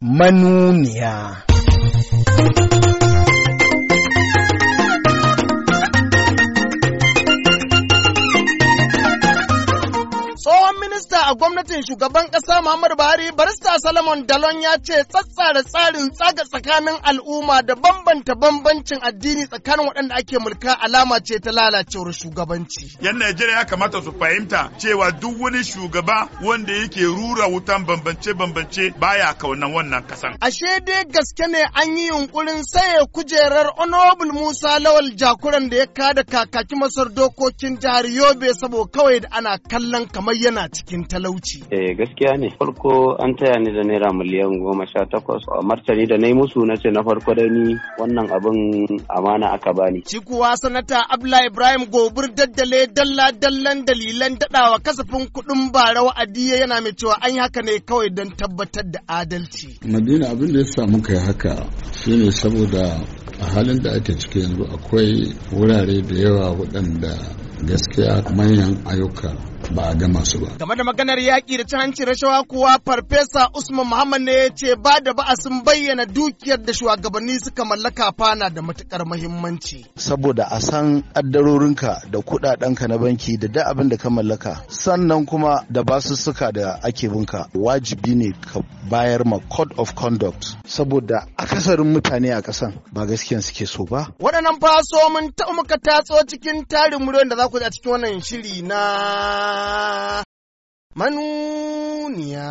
manuniya. minista a gwamnatin shugaban ƙasa Muhammadu Buhari, barista Salomon Dalon ya ce da tsarin tsaga tsakanin al'umma da bambanta bambancin addini tsakanin waɗanda ake mulka alama ce ta lalacewar shugabanci. Yan Najeriya ya kamata su fahimta cewa duk wani shugaba wanda yake rura wutan bambance-bambance baya kaunan wannan kasan. Ashe dai gaske ne an yi yunkurin saye kujerar Honorable Musa Lawal Jakuran da ya kada kakaki masar dokokin jihar Yobe saboda kawai da ana kallon kamar yana ciki. cikin talauci. Eh gaskiya ne. Farko an taya ni da naira miliyan goma sha takwas. martani da na yi musu na ce na farko da ni wannan abin amana aka bani. Cikuwa sanata Abla Ibrahim Gobir daddale dalla dallan dalilan daɗawa kasafin kuɗin bara wa'adi yana mai cewa an yi haka ne kawai don tabbatar da adalci. Madina abin da ya samu kai haka shine saboda a halin da ake ciki yanzu akwai wurare da yawa waɗanda gaskiya manyan ayyuka ba a gama su ba. Game da maganar yaƙi da hanci rashawa kuwa Farfesa Usman Muhammad ne ya ce ba da ba'a sun bayyana dukiyar da shugabanni suka mallaka fana da matukar muhimmanci. Saboda a san addarorinka da kuɗaɗenka na banki da da abin da ka mallaka sannan kuma da basussuka da ake binka wajibi ne ka bayar ma code of conduct saboda akasarin mutane a kasan. ba gaskiya suke so ba. Waɗannan faso mun ta muka tatso cikin tarin muryoyin da za ku a cikin wannan shiri na manuniya.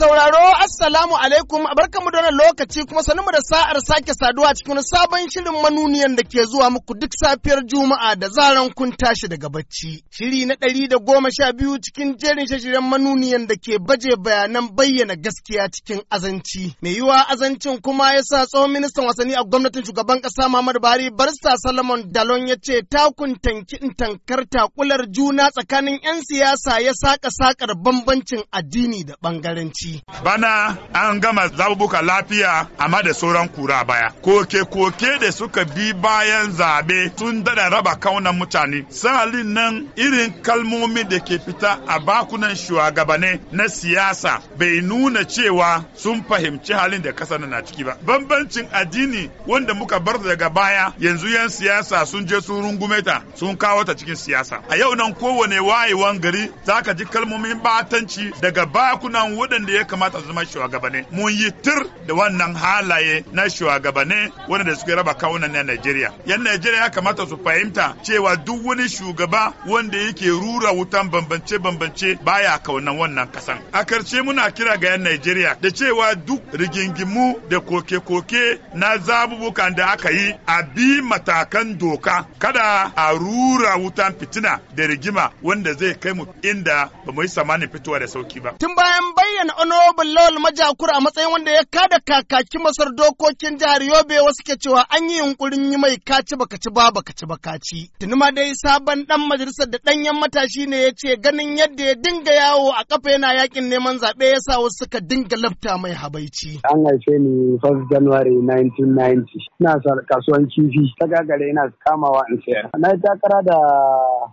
sauraro assalamu alaikum barka mu wannan lokaci kuma mu da sa'ar sake saduwa cikin sabon shirin manuniyan da ke zuwa muku duk safiyar juma'a da zaran kun tashi daga bacci shiri na ɗari da goma sha biyu cikin jerin shashiren manuniyan da ke baje bayanan bayyana gaskiya cikin azanci mai yiwa azancin kuma ya sa tsohon ministan wasanni a gwamnatin shugaban ƙasa Muhammad Buhari barista Salomon Dalon ya ce takun tankin tankar takular juna tsakanin 'yan siyasa ya saka sakar bambancin addini da bangaranci. bana an gama zabubuka lafiya amma da sauran kura baya koke-koke da suka bi bayan zabe sun dada raba kaunan mutane sahalin nan irin kalmomi da ke fita a bakunan shugabane na siyasa bai nuna cewa sun fahimci halin da kasar na ciki ba bambancin addini wanda muka bar daga baya yanzu yan siyasa sun je sun rungume ta sun kawo ta cikin siyasa a yau nan kowane wayewan gari zaka ji kalmomin batanci daga bakunan waɗanda ya kamata su zama shugabanni mun yi tir da wannan halaye na shugabanni wanda suke raba kawunan na Najeriya yan Najeriya ya kamata su fahimta cewa duk wani shugaba wanda yake rura wutan bambance bambance baya kaunan wannan kasan a karshe muna kira ga yan Najeriya da cewa duk rigingimu da koke-koke na zabubukan da aka yi a bi matakan doka kada a rura wutan fitina da rigima wanda zai kai mu inda ba mu yi samanin fitowa da sauki ba tun bayan bayyana Honorable Lawal majakura a matsayin wanda ya kada kakaki masar dokokin jihar Yobe wasu ke cewa an yi yunkurin yi mai kaci baka ci ba baka ci baka ci. Tuni ma dai sabon dan majalisar da danyen matashi ne ya ce ganin yadda ya dinga yawo a kafa yana yakin neman zaɓe ya sa wasu suka dinga lafta mai habaici. An haife ni 1 January 1990. Ina kasuwan kifi ta gagare ina kamawa in sayar. Na yi takara da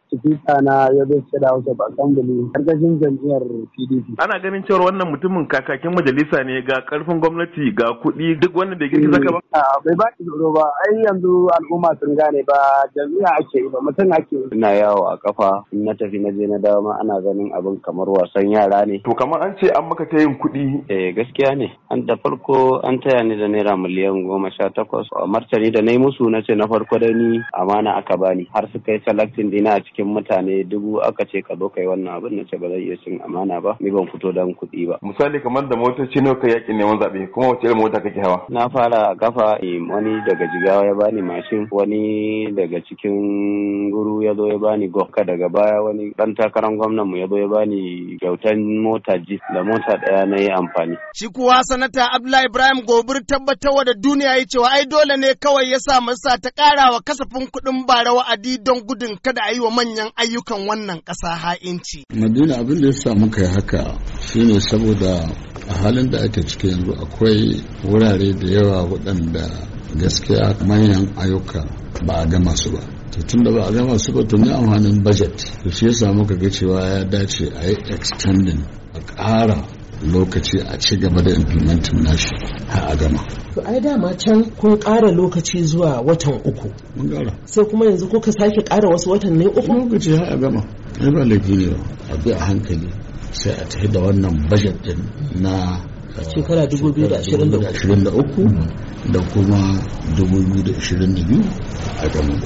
sifika na Yobe State House of Assembly ƙarƙashin jam'iyyar PDP. Ana ganin cewa wannan mutum mutumin kakakin majalisa ne ga karfin gwamnati ga kuɗi duk wanda bai girgiza ka ba. Ah, bai ba ki tsoro ba, ai yanzu al'umma sun gane ba jami'a ake ba mutum ake Ina yawo a kafa in na tafi na je na dawo ma ana ganin abin kamar wasan yara ne. To kamar an ce an maka ta yin kuɗi. Eh gaskiya ne. An da farko an taya ni da naira miliyan goma sha takwas. Martani da na yi musu na ce na farko da ni amana aka bani har su kai salaktin dina a cikin mutane dubu aka ce ka zo kai wannan abin na ce ba zai iya cin amana ba ni ban fito don kuɗi ba. misali kamar da motoci nawa kai yakin neman zaɓe kuma wace irin mota kake hawa na fara kafa eh, wani daga jigawa ya bani mashin wani daga cikin guru ya zo ya bani gokka daga baya wani dan takarar gwamnan mu ya zo ya bani kyautan mota ji da mota daya na yi amfani shi kuwa sanata abdullahi ibrahim gobir tabbatarwa da duniya ya cewa ai dole ne kawai ya sa masa ta ƙara wa kasafin kuɗin bara wa'adi don gudun kada a yi wa manyan ayyukan wannan ƙasa ha'inci madina abin da ya sa muka yi haka shine saboda saboda a halin da ake ciki yanzu akwai wurare da yawa waɗanda gaskiya manyan ayyuka ba a gama su ba tun da ba a gama su ba tun yi amfanin budget da shi yasa muka ga cewa ya dace a yi extending a ƙara lokaci a ci gaba da implementing nashi har a gama to ai dama can kun ƙara lokaci zuwa watan uku mun sai kuma yanzu kuka sake ƙara wasu watan ne uku lokaci har a gama ai ba laifi ne ba a bi a hankali sai a tafi da wannan bajet din na shekara 2023 eh, da kuma 2022 a ganin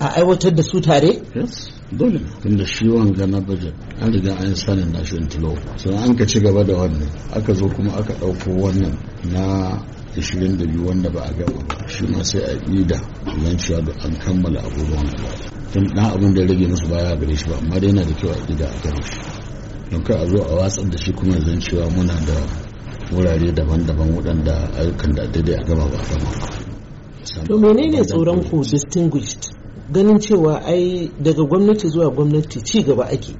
a aiwatar da su tare? yes dole tunda shi wanga na budget an riga an sanin na shi intilo sai an ka ci gaba da wannan aka zo kuma aka ɗauko wannan na 22 wanda ba a gama ba shi ma sai a yi da nan cewa da an kammala abubuwan gaba tun ɗan abin da rage musu baya gare shi ba amma dai yana da kyau a ƙida a gama shi don kai a zo a watsar da shi kuma zan cewa muna da wurare daban-daban waɗanda ayyukan da daidai a gama ba gama to menene tsoron ku distinguished ganin cewa ai daga gwamnati zuwa gwamnati ci gaba ake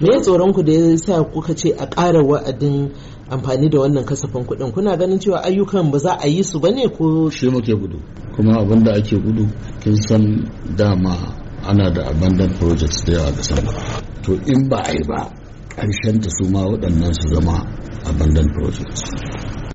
me tsoron ku da ya sa kuka ce a ƙara wa'adin amfani da wannan kasafin kuɗin kuna ganin cewa ayyukan ba za a yi su ne ko shi muke gudu kuma abin da ake gudu kin san dama ana da abandon projects da yawa da sama to in ba a yi ba an ta su ma waɗannan su zama abandon projects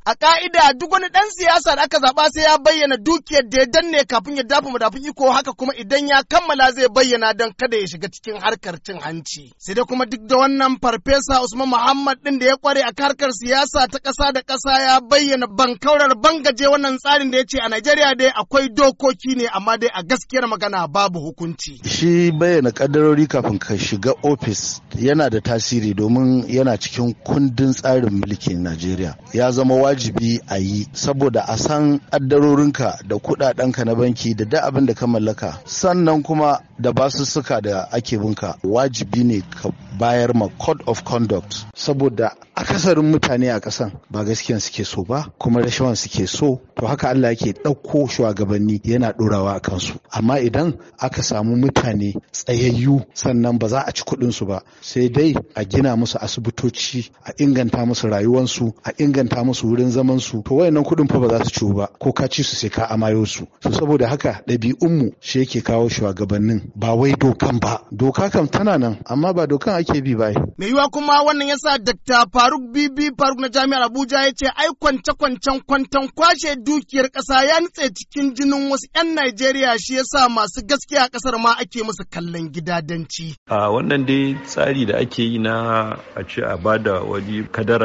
A ka'ida duk wani ɗan siyasa da aka zaɓa sai ya bayyana dukiyar da ya danne kafin ya dafa madafun iko haka kuma idan ya kammala zai bayyana don kada ya shiga cikin harkar cin hanci. Sai dai kuma duk da wannan farfesa Usman Muhammad ɗin da ya kware a harkar siyasa ta ƙasa da ƙasa ya bayyana ban gaje wannan tsarin da ya ce a Najeriya dai akwai dokoki ne amma dai a gaskiyar magana babu hukunci. Shi bayyana ƙaddarori kafin ka shiga ofis yana da tasiri domin yana cikin kundin tsarin mulkin Najeriya. Ya zama waje. wajibi a yi saboda a san ƙaddarorinka da kudadenka na banki da da abin da ka mallaka sannan kuma da basussuka da ake binka wajibi ne ka bayar ma code of conduct saboda akasarin mutane a kasan ba gaskiyan suke so ba kuma rashawan suke so to haka Allah yake ɗauko shugabanni yana ɗorawa a kansu amma idan aka samu mutane tsayayyu sannan ba za a ci kuɗinsu ba sai dai a gina musu asibitoci a inganta musu rayuwansu a inganta musu wurin wurin zaman su to wayannan kuɗin fa ba za su ciwo ba ko ka ci su sai ka amayo su so saboda haka ɗabi'unmu shi yake kawo shugabannin ba wai dokan ba doka kam tana nan amma ba dokan ake bi ba Me yiwa kuma wannan yasa Dr. Faruk Bibi Faruk na Jami'ar Abuja ya ce ai kwance-kwancen kwantan kwashe dukiyar ƙasa ya nutse cikin jinin wasu 'yan Najeriya shi yasa masu gaskiya ƙasar ma ake musu kallon gidadanci. A wannan dai tsari da ake yi na a ce a bada wani ka da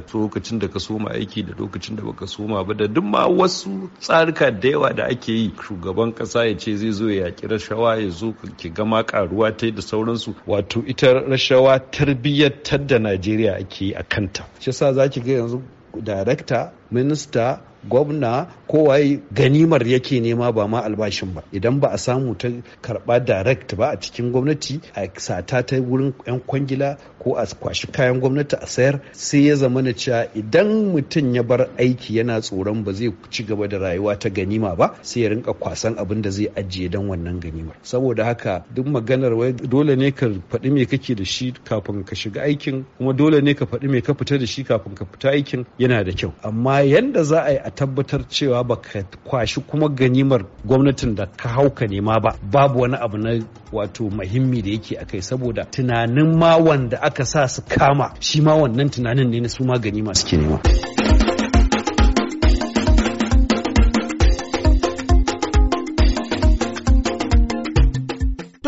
tsokacin da ka soma aiki da lokacin da baka soma ba da duk ma wasu tsarika da yawa da ake yi shugaban kasa ya ce zai zo ya yaki rashawa ya zo ki gama karuwa ta da sauransu wato ita rashawa tarbiyyatar da najeriya ake yi a kanta shi yasa za ki ga yanzu darakta minista gwamna kowai ganimar yake nema ba ma albashin ba idan ba a samu ta karba direct ba a cikin gwamnati a sata ta wurin 'yan kwangila ko a kwashi kayan gwamnati a sayar sai ya zama na cewa idan mutum ya bar aiki yana tsoron ba zai ci gaba da rayuwa ta ganima ba sai ya rinka kwasan abin da zai ajiye don wannan ganimar saboda haka duk maganar wai dole ne ka faɗi me kake da shi kafin ka shiga aikin kuma dole ne ka faɗi me ka fita da shi kafin ka fita aikin yana da kyau amma yanda za a yi a tabbatar cewa baka kwashi kuma ganimar gwamnatin da ka hauka nema ba babu wani abu na wato mahimmi da yake akai saboda tunanin ma wanda aka sa su kama shi ma wannan tunanin ne na su ma ganima suke nema.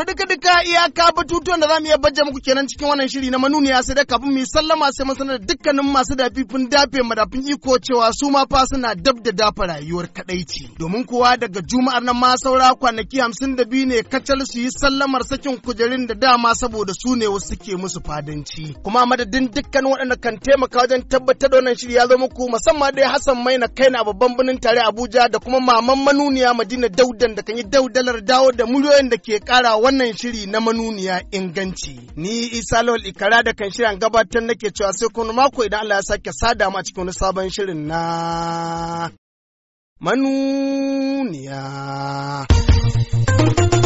To duka duka iyaka batutuwan da za mu iya bajja muku kenan cikin wannan shiri na manuniya sai da kafin mu sallama sai mun sanar da dukkanin masu dafifin dafe madafin iko cewa su ma fa suna dab da dafa rayuwar kadaici. Domin kuwa daga juma'ar nan ma saura kwanaki hamsin da biyu ne kacal su yi sallamar sakin kujerin da dama saboda su ne wasu suke musu fadanci. Kuma madadin dukkan waɗanda kan taimaka wajen tabbatar da wannan shiri ya zo muku musamman dai Hassan Maina kai a babban birnin tare Abuja da kuma maman manuniya Madina Daudan da kan yi daudalar dawo da miliyoyin da ke karawa wannan shiri na manuniya inganci. Ni Isa Lawal Ikara da kan shirin gabatar nake cewa sai kuma mako idan Allah ya sake sada mu a cikin wani sabon shirin na manuniya.